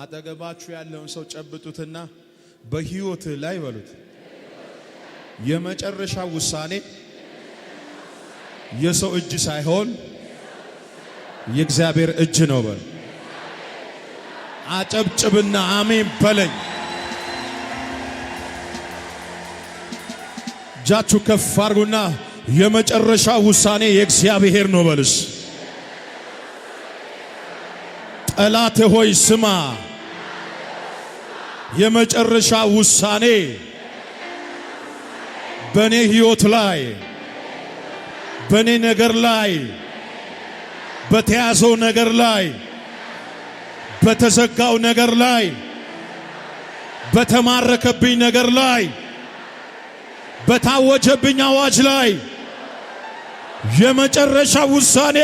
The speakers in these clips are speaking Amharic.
አጠገባችሁ ያለውን ሰው ጨብጡትና በህይወት ላይ በሉት የመጨረሻ ውሳኔ የሰው እጅ ሳይሆን የእግዚአብሔር እጅ ነው በል። አጨብጭብና አሜን በለኝ። እጃችሁ ከፍ አርጉና የመጨረሻ ውሳኔ የእግዚአብሔር ነው በልስ ጠላት ሆይ ስማ፣ የመጨረሻ ውሳኔ በኔ ሕይወት ላይ በኔ ነገር ላይ በተያዘው ነገር ላይ በተዘጋው ነገር ላይ በተማረከብኝ ነገር ላይ በታወጀብኝ አዋጅ ላይ የመጨረሻ ውሳኔ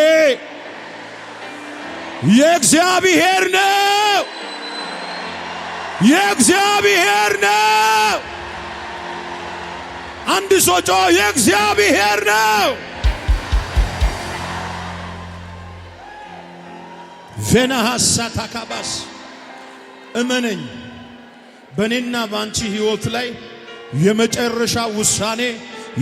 የእግዚአብሔር ነው። የእግዚአብሔር ነው። አንድ ሰው ጮ የእግዚአብሔር ነው። ቬና ታካባስ እመነኝ፣ በእኔና በአንቺ ሕይወት ላይ የመጨረሻ ውሳኔ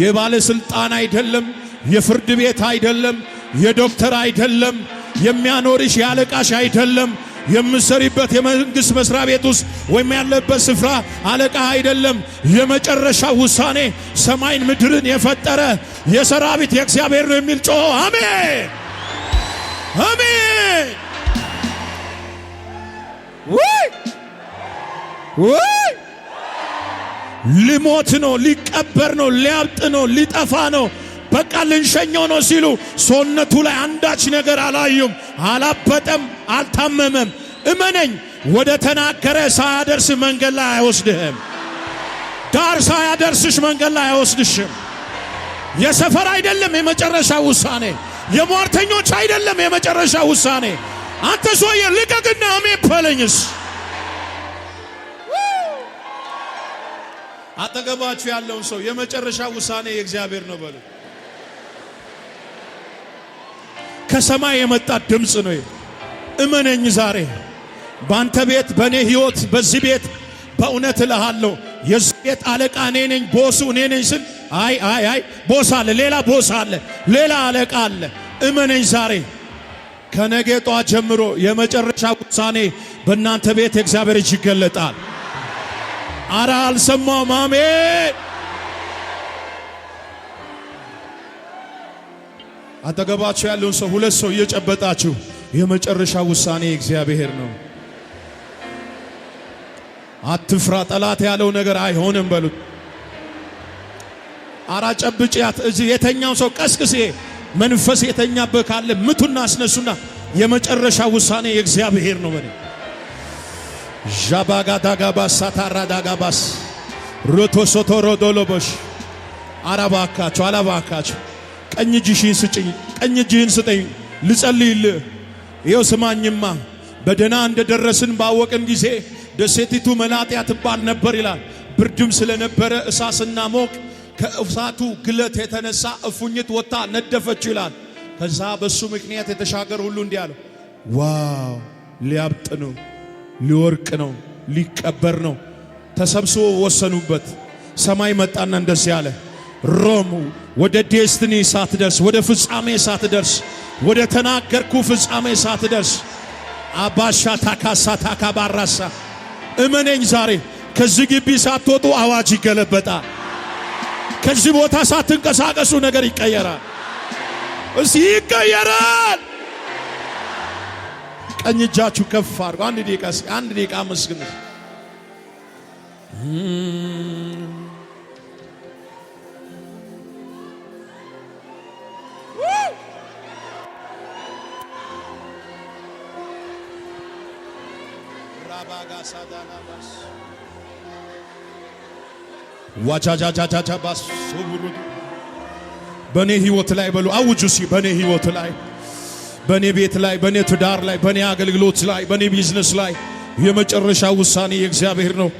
የባለሥልጣን አይደለም፣ የፍርድ ቤት አይደለም፣ የዶክተር አይደለም የሚያኖርሽ የአለቃሽ አይደለም። የምሰሪበት የመንግሥት መሥሪያ ቤት ውስጥ ወይም ያለበት ስፍራ አለቃ አይደለም። የመጨረሻ ውሳኔ ሰማይን ምድርን የፈጠረ የሰራዊት የእግዚአብሔር ነው የሚል ጮሆ አሜን አሜን። ውይ ውይ ሊሞት ነው፣ ሊቀበር ነው፣ ሊያብጥ ነው፣ ሊጠፋ ነው። በቃ ልንሸኘው ነው ሲሉ ሰውነቱ ላይ አንዳች ነገር አላዩም። አላበጠም፣ አልታመመም። እመነኝ፣ ወደ ተናገረ ሳያደርስ መንገድ ላይ አይወስድህም። ዳር ሳያደርስሽ መንገድ ላይ አይወስድሽም። የሰፈር አይደለም የመጨረሻ ውሳኔ። የሟርተኞች አይደለም የመጨረሻ ውሳኔ። አንተ ሰውዬ ልቀቅና አሜ በለኝስ። አጠገባችሁ ያለውን ሰው የመጨረሻ ውሳኔ የእግዚአብሔር ነው በሉ። ከሰማይ የመጣ ድምፅ ነው። እመነኝ ዛሬ ባንተ ቤት፣ በእኔ ሕይወት፣ በዚህ ቤት በእውነት እልሃለሁ የዚህ ቤት አለቃ እኔ ነኝ፣ ቦሱ እኔ ነኝ ስል አይ አይ አይ ቦስ አለ፣ ሌላ ቦስ አለ፣ ሌላ አለቃ አለ። እመነኝ ዛሬ ከነገ ጧት ጀምሮ የመጨረሻ ውሳኔ በእናንተ ቤት የእግዚአብሔር እጅ ይገለጣል። አረ አልሰማውም። አሜን። አጠገባችሁ ያለውን ሰው ሁለት ሰው እየጨበጣችሁ የመጨረሻ ውሳኔ እግዚአብሔር ነው። አትፍራ፣ ጠላት ያለው ነገር አይሆንም በሉት። ጨብጭያት እዚህ የተኛው ሰው ቀስቅሴ መንፈስ የተኛበት ካለ ምቱና አስነሱና የመጨረሻ ውሳኔ የእግዚአብሔር ነው በለ ዣባጋ ዳጋባስ ሳታራ ዳጋባስ ሮቶ ሶቶ ሮዶሎቦሽ አራባካቸው አላባካቸው ቀኝ እጅሽን ስጪኝ፣ ቀኝ እጅህን ስጠኝ ልጸልይልህ። ይኸው ስማኝማ በደና እንደደረስን ባወቅን ጊዜ ደሴቲቱ መላጢያ ትባል ነበር ይላል። ብርድም ስለነበረ እሳስና ሞቅ ከእሳቱ ግለት የተነሳ እፉኝት ወጥታ ነደፈች ይላል። ከዛ በሱ ምክንያት የተሻገር ሁሉ እንዲህ አለው፣ ዋው ሊያብጥ ነው፣ ሊወርቅ ነው፣ ሊቀበር ነው። ተሰብስቦ ወሰኑበት። ሰማይ መጣና እንደዚህ አለ ሮም ወደ ዴስትኒ ሳትደርስ ወደ ፍጻሜ ሳትደርስ ወደ ተናገርኩ ፍጻሜ ሳትደርስ አባሻ ታካሳ ታካባራሳ እመነኝ ዛሬ ከዚህ ግቢ ሳትወጡ አዋጅ ይገለበጣል። ከዚህ ቦታ ሳትንቀሳቀሱ ነገር ይቀየራል። እስ ይቀየራል። ቀኝ እጃችሁ ከፍ አድርጉ። አንድ ደቂቃ አንድ ደቂቃ መስግኑ። ራባጋሳዳናባስ በእኔ ህይወት ላይ በሉ አውጁ ሲ በእኔ ህይወት ላይ በእኔ ቤት ላይ በእኔ ትዳር ላይ በእኔ አገልግሎት ላይ በእኔ ቢዝነስ ላይ የመጨረሻ ውሳኔ የእግዚአብሔር ነው።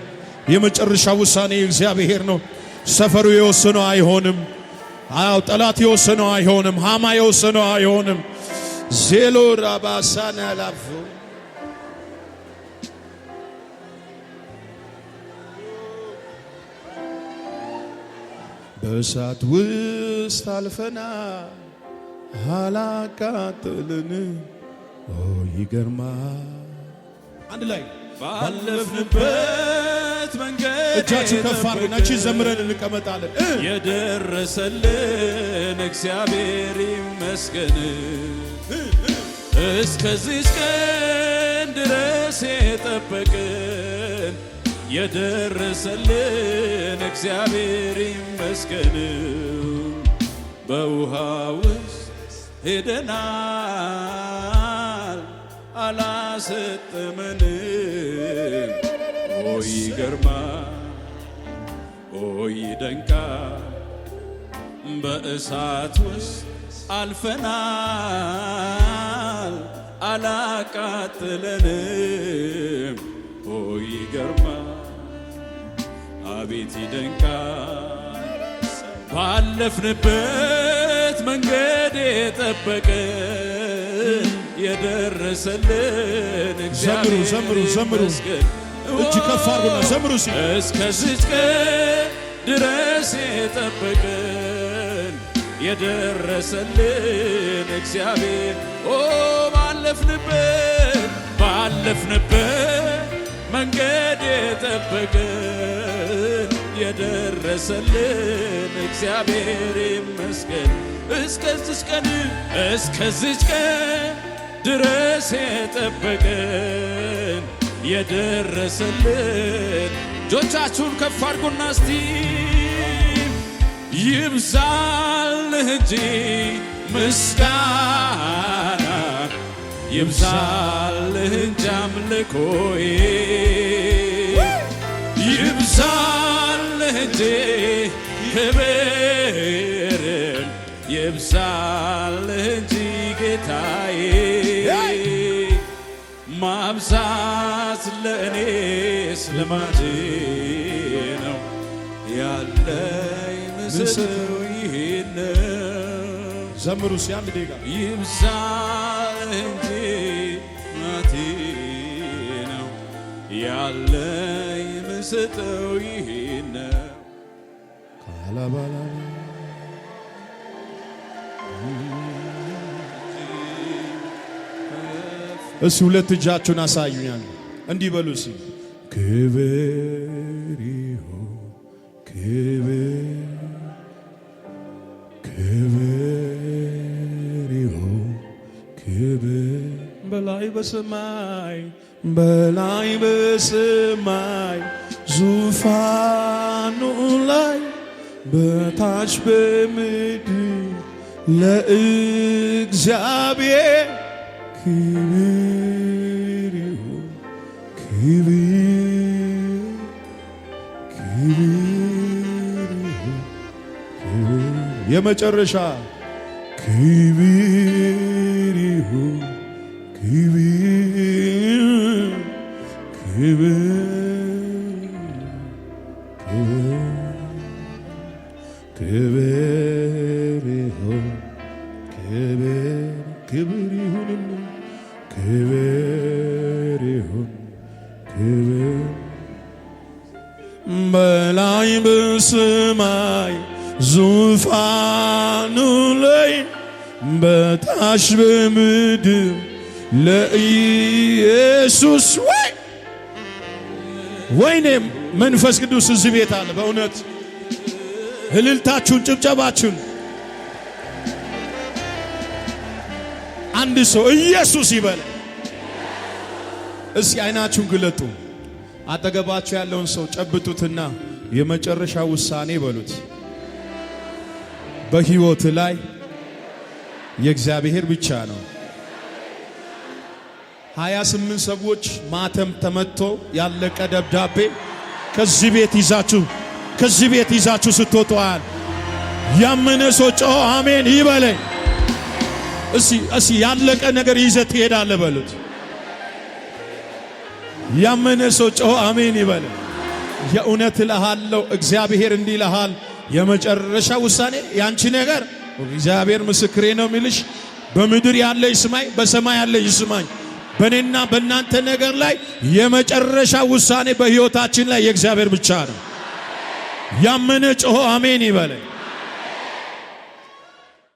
የመጨረሻ ውሳኔ የእግዚአብሔር ነው። ሰፈሩ የወሰነው አይሆንም። አዎ ጠላት የወሰነው አይሆንም። ሃማ የወሰነው አይሆንም። ዜሎ ራባሳና ላፉ በእሳት ውስጥ አልፈና አላቃጥልን ይገርማ አንድ ላይ ባለፍንበት መንገድ እጃችን ከፍ አድርገን ዘምረን እንቀመጣለን። የደረሰልን እግዚአብሔር ይመስገን እስከዚህ ቀን ድረስ የጠበቅን የደረሰልን እግዚአብሔር ይመስገን። በውሃ ውስጥ ሄደናል አላሰጠመን። ኦ ይገርማ፣ ኦ ይደንቃ። በእሳት ውስጥ አልፈናል አላቃጥለንም። ኦ ገርማ። አቤት ይደንቃል ባለፍንበት መንገድ የጠበቀ የደረሰልን እግዚአብሔር ዘምሩ ዘምሩ እጅ ከፍ አርጉና ዘምሩ ሲ እስከዚች ቀን ድረስ የጠበቀን የደረሰልን እግዚአብሔር ኦ ባለፍንበት ባለፍንበት መንገድ የጠበቀን የደረሰልን እግዚአብሔር ይመስገን። እስከዚች ቀን እስከዚች ቀን ድረስ የጠበቀን የደረሰልን እጆቻችሁን ከፍ አድርጉና እስቲ ይብዛልህ እንጂ ምስጋና ይብዛልህ እንጂ አምልኮዬ ይብዛልህ እንጂ ክብር ይብዛልህ እንጂ ጌታዬ ማብዛት ለእኔ ስልማድ ነው ያለኝ ምስሉ ይህን ዘምሩ ሲያንድ ዴጋ ይብዛ እንጂ ናቲ ነው ያለ የምሰጠው ይሄነ ነው ካላባላ እስ ሁለት እጃችሁን አሳዩኛል። እንዲህ በሉ ሲ ክብር ይሁን ክብር ክብር በላይ በሰማይ በላይ በሰማይ ዙፋኑ ላይ በታች በምድር ለእግዚአብሔር ክብር ይሁን ክብር ክብር ይሁን የመጨረሻ ክብር ኪሪሁ ክብር ክብር ክብር ይሁን ክብር በላይ በሰማይ ዙፋኑ ላይ በታች በምድር ለኢየሱስ ወይ ወይኔ መንፈስ ቅዱስ እዚህ ቤት አለ። በእውነት እልልታችሁን፣ ጭብጨባችሁን አንድ ሰው ኢየሱስ ይበል። እስኪ አይናችሁን ግለጡ። አጠገባችሁ ያለውን ሰው ጨብጡትና የመጨረሻ ውሳኔ በሉት በሕይወት ላይ የእግዚአብሔር ብቻ ነው። ሀያ ስምንት ሰዎች ማተም ተመቶ ያለቀ ደብዳቤ ከዚህ ቤት ይዛችሁ ከዚህ ቤት ይዛችሁ ስትወጣዋል። ያመነ ሰው ጮሆ አሜን ይበለኝ። እሺ እሺ፣ ያለቀ ነገር ይዘህ ትሄዳለህ በሉት። ያመነ ሰው ጮሆ አሜን ይበለ። የእውነት እልሃለሁ፣ እግዚአብሔር እንዲህ ይልሃል። የመጨረሻ ውሳኔ ያንቺ ነገር እግዚአብሔር ምስክሬ ነው የሚልሽ በምድር ያለሽ ስማኝ፣ በሰማይ ያለሽ ስማኝ። በእኔና በእናንተ ነገር ላይ የመጨረሻ ውሳኔ በሕይወታችን ላይ የእግዚአብሔር ብቻ ነው። ያመነ ጮሆ አሜን ይበለኝ።